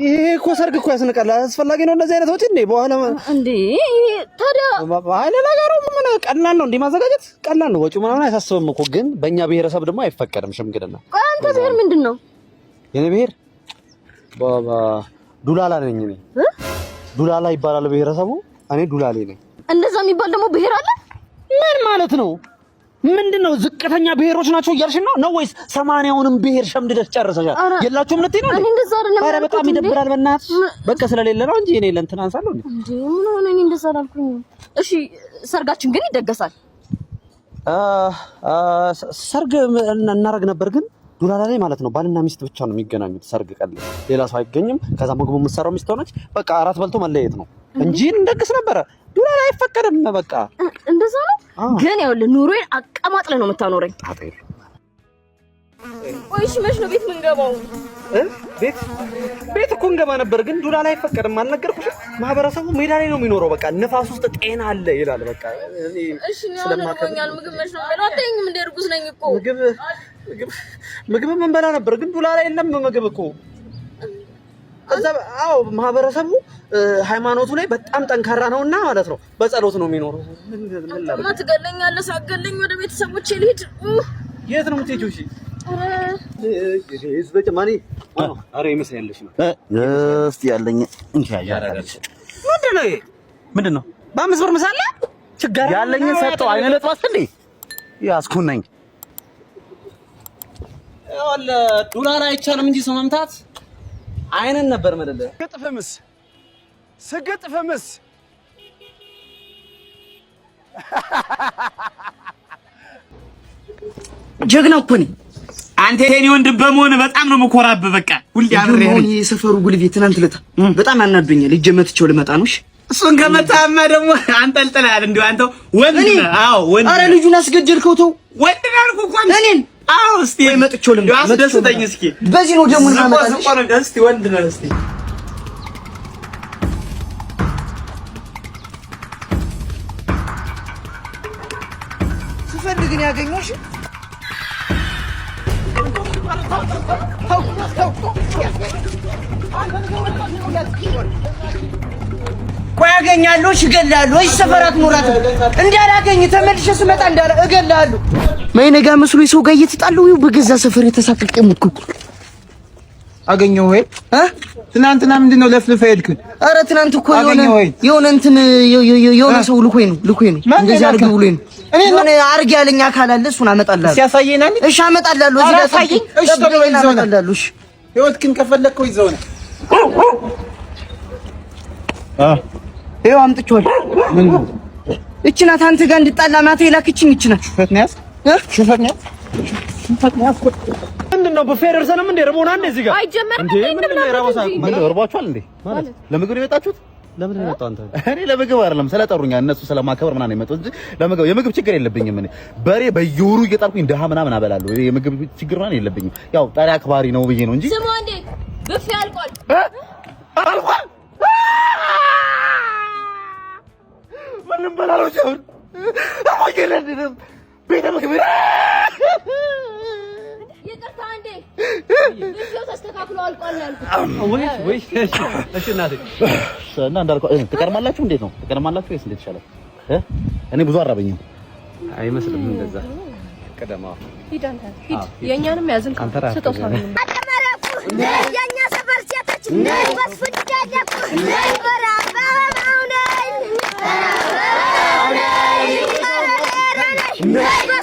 ይሄ እኮ ሰርግ እኮ ያስንቃል። አስፈላጊ ነው እንደዚህ አይነት ወጪ እንዴ? በኋላ እንዴ ታዲያ አይነ ነገሩ ምን ቀላል ነው እንዴ? ማዘጋጀት ቀላል ነው። ወጪው ምናምን አያሳስብም እኮ ግን በእኛ ብሔረሰብ ደግሞ አይፈቀድም ሽምግልና። አንተ ብሔር ምንድን ነው? የኔ ብሔር ባባ ዱላላ ነኝ እኔ። ዱላላ ይባላል ብሔረሰቡ። እኔ ዱላሌ ነኝ። እንደዛ የሚባል ደግሞ ብሔር አለ? ምን ማለት ነው? ምንድን ነው ዝቅተኛ ብሔሮች ናቸው እያልሽን ነው ነው ወይስ ሰማንያውንም ብሔር ሸምድደሽ ጨርሰሻል? የላችሁም ልትይ ነው? ኧረ በጣም ይደብራል። በእናትሽ በቃ ስለሌለ ነው እንጂ እኔ ለእንትን አንሳለሁ እንዴ ምን ሆነ? እኔ እንደዛ አላልኩኝ። እሺ ሰርጋችን ግን ይደገሳል። ሰርግ እናደርግ ነበር ግን ዱላላ ላይ ማለት ነው ባልና ሚስት ብቻ ነው የሚገናኙት። ሰርግ ቀን ሌላ ሰው አይገኝም። ከዛ ምግቡ የምትሰራው ሚስት ሆነች። በቃ አራት በልቶ መለየት ነው እንጂ እንደግስ ነበረ። ዱላላ አይፈቀድም በቃ ግን ይኸውልህ ኑሮዬን አቀማጥለህ ነው የምታኖረኝ። ቆይ እሺ፣ መች ነው ቤት የምንገባው? ቤት ቤት እኮ እንገባ ነበር፣ ግን ዱላ ላይ አይፈቀድም። አልነገርኩሽም? ማህበረሰቡ ሜዳ ላይ ነው የሚኖረው። በቃ ንፋስ ውስጥ ጤና አለ ይላል። በቃ እሺ፣ ነው ምግብ ነው ነኝ እኮ ምግብ ምግብ ምን ነበር፣ ግን ዱላ ላይ የለም ምግብ እኮ አዎ ማህበረሰቡ ሃይማኖቱ ላይ በጣም ጠንካራ ነው እና ማለት ነው በጸሎት ነው የሚኖረው። ትገለኛለህ፣ ሳገለኝ ወደ ቤተሰቦቼ ልሂድ። የት ነው የምትሄጂው? እሺ ምንድን ነው በአምስት ብር ምሳሌ ችግር ያለኝን ሰጠው። አይነ ለጥፋት እንዴ ያስኩነኝ ዱላ ላይ አይቻልም እንጂ ሰው መምታት አይነን ነበር መደለ ግጥፍምስ ስግጥፍምስ ጀግና እኮ ነኝ። አንተ የኔ ወንድም በመሆን በጣም ነው የምኮራብህ። በቃ ሁሌ አብሬ የሰፈሩ ጉልቤ ትናንት ለታ በጣም አናዶኛል። ልጀመትቸው ልመጣ ነው። እሺ እሱን ከመታማ ደግሞ አንጠልጥላል። እንዲሁ አንተ ወንድ ነህ። አዎ ወንድ። አረ ልጁን አስገጀልከው። ተው ወንድ ነህ አልኩህ እኮ እኔን አዎ እስቲ መጥቼው ልምጣ። አስደስተኝ እስኪ። በዚህ ነው ደሙን ማመጣልሽ። እስቲ ወንድ ነው እስቲ ስፈልግ ነው ያገኘሁሽ። ቆይ አገኛለሁ፣ እገላለሁ። ሰፈራት ኑራት እንዳላገኝ ተመልሼ ስመጣ እንዳላ እገላለሁ ማይነጋ መስሎ የሰው ጋር እየተጣለው ይኸው በገዛ ሰፈር የተሳቀቀ ምኩኩ አገኘው ወይ እ ትናንትና ምንድን ነው ለፍልፈህ ሄድክ? ኧረ ትናንት እኮ የሆነ የሆነ እንትን የሆነ ሰው ልኮኝ ነው ልኮኝ ነው እንደዚህ አድርግ ብሎኝ ነው እኔ አድርግ ያለኝ አካል አለ። እሱን አመጣልሃለሁ። ሲያሳየናል። እሺ አመጣልሃለሁ። እዚህ ጋር ታየኝ። እሺ ተብሎኝ አመጣልሃለሁ። እሺ ህይወትክን ከፈለግከው ይዘው ነው አ ይኸው አምጥቼዋለሁ። ምን እቺ ናት አንተ ጋር እንድጣላ ማታ የላክችኝ እቺ ናት። ፈትነህ ምንድን ነው ቡፌ ደርሰን እንደ እርቦና እንደ እዚህ ጋር አይጀመርም እንዴ? ለምግብ ነው የመጣችሁት? ለምን ነው የመጣው? አንተ እኔ ለምግብ አይደለም ስለጠሩኝ እነሱ ስለማከበር ምናምን የመጣሁት እንጂ ለምግብ የምግብ ችግር የለብኝም። እኔ በሬ በየወሩ እየጣልኩኝ ድሀ ምናምን አበላለሁ። የምግብ ችግር ምናምን የለብኝም። ያው ጠሪ አክባሪ ነው ብዬ ነው እንጂ ስሙ እንዴ ቡፌ አልቋል፣ አልቋል። ምንም በላሎች አሁን አሁን ቤተ መክብር ይቅርታ እንዴ ልጅው ተስተካክሎ ትቀርማላችሁ። እንዴት ነው ትቀርማላችሁ? ወይስ እንዴት ይሻላል? እኔ ብዙ አራበኝም አይመስልም። እንደዛ ቀደማ ያዝን ሰፈር ሴቶች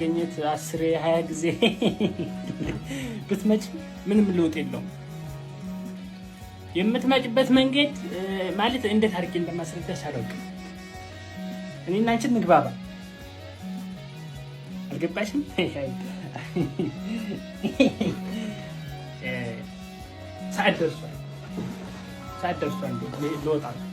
ለማግኘት አስር የሀያ ጊዜ ብትመጭ ምንም ለውጥ የለውም። የምትመጭበት መንገድ ማለት እንደ አድርጌ እንደማስረዳሽ አላውቅም። እኔ እና አንቺን ንግባባ አልገባሽም? ሰዓት ደርሷል፣ ሰዓት ደርሷል። ለወጣ ነው።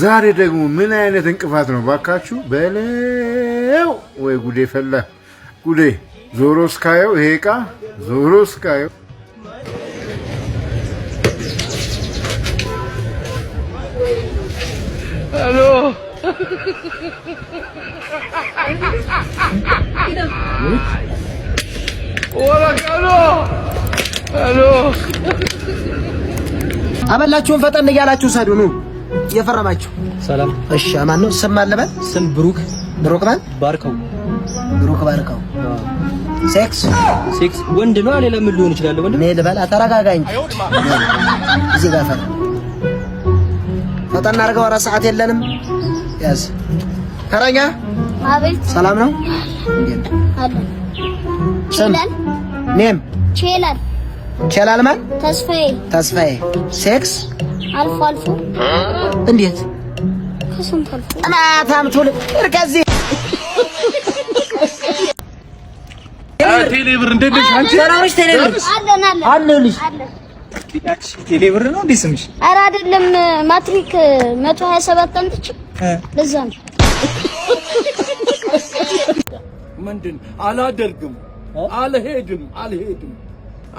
ዛሬ ደግሞ ምን አይነት እንቅፋት ነው ባካችሁ? በለው ወይ ጉዴ ፈላ ጉዴ። ዞሮ እስካየው ይሄ እቃ ዞሮ እስካየው ሄሎ አበላችሁን ፈጠን እያላችሁ ሰዱ ኑ የፈረማችሁ ሰላም። እሺ፣ ማን ነው ስም አለበት? ስም ብሩክ ብሩክ ማን? ባርከው ብሩክ ባርከው። ሴክስ ሴክስ ወንድ ነው። አለ ለምን ሊሆን ይችላል? ወንድ ነው። ልበል። ተረጋጋኝ። እዚህ ጋር ፈረ ፈጠን አድርገው። አራት ሰዓት የለንም። ያዝ ተረኛ። አቤት። ሰላም ነው። አለ ስም ኔም ቼላል ይቻላል ማን? ተስፋዬ ተስፋዬ። ሴክስ አልፎ አልፎ። እንዴት ከስንት አልፎ። ቴሌብር አንቺ? ነው እንዴ ስምሽ? አረ አይደለም ማትሪክ 127 አንጥች ለዛ ነው። ምንድን አላደርግም፣ አልሄድም፣ አልሄድም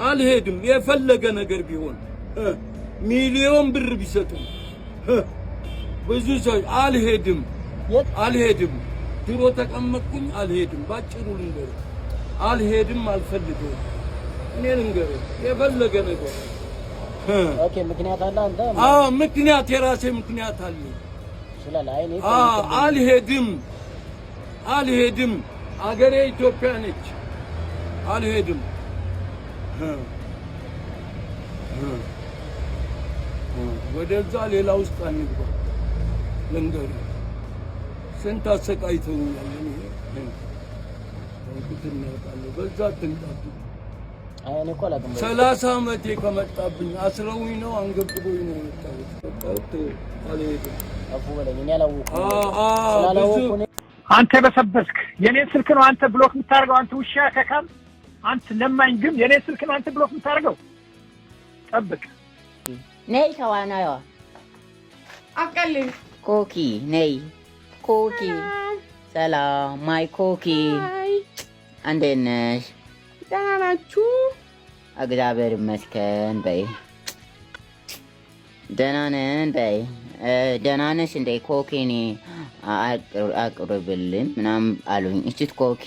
አልሄድም። የፈለገ ነገር ቢሆን ሚሊዮን ብር ቢሰጥም ብዙ ሰው አልሄድም፣ አልሄድም። ድሮ ተቀመጥኩኝ፣ አልሄድም። ባጭሩ ልንገር፣ አልሄድም፣ አልፈልገውም። እኔ ልንገር፣ የፈለገ ነገር ምክንያት አዎ፣ ምክንያት የራሴ ምክንያት አለ። አልሄድም፣ አልሄድም። አገሬ ኢትዮጵያ ነች። አልሄድም ወደዛ ሌላ ውስጥ አንግባ። መንገዱ ስንት አሰቃይተውኛል። በዛ አትንጣብኝ። ሰላሳ ዓመቴ ከመጣብኝ አስረውኝ ነው አንገብግቦኝ ነው የመጣሁት። አንተ በሰበስክ የኔን ስልክ ነው አንተ ብሎክ የምታደርገው አንተ ውሻ ከካም አንተ ለማኝ ግን የኔ ስልክን አንተ ብሎክ የምታደርገው ጠብቅ። ነይ ተዋናይዋ አቀል ኮኪ ነይ ኮኪ። ሰላም ማይ ኮኪ፣ እንዴት ነሽ? ደህና ናችሁ? እግዚአብሔር ይመስገን በይ። ደህና ነን በይ። ደህና ነሽ እንዴ? ኮኪ እኔ አቅርብልን ምናምን አሉኝ። እችት ኮኪ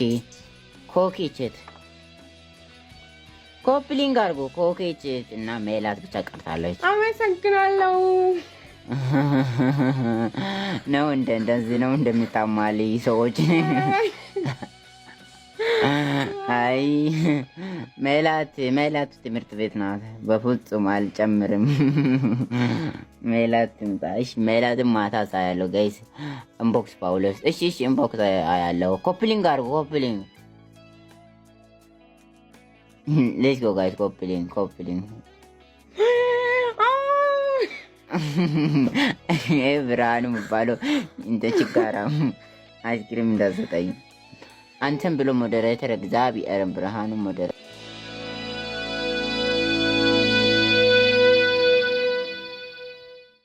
ኮኪ እችት ኮፕሊንግ አድርጎ ኮኬች እና ሜላት ብቻ ቀርታለች። አመሰግናለሁ። ነው እንደ እንደዚህ ነው እንደሚታማል ሰዎች። አይ ሜላት ሜላት ትምህርት ቤት ናት። በፍጹም አልጨምርም። ሜላት ትምጣ። እሺ ሜላትም ማታ ሳያለሁ ጋይስ። ኢንቦክስ ፓውሎስ። እሺ እሺ ኢንቦክስ አያለሁ። ኮፕሊንግ አድርጎ ኮፕሊንግ Let's go guys, go playing, go playing. የሚባለው እንደ ችጋራ አይስክሪም እንዳሰጠኝ አንተን ብሎ ሞዴሬተር እግዚአብሔርን ብርሃኑ ሞዴሬተር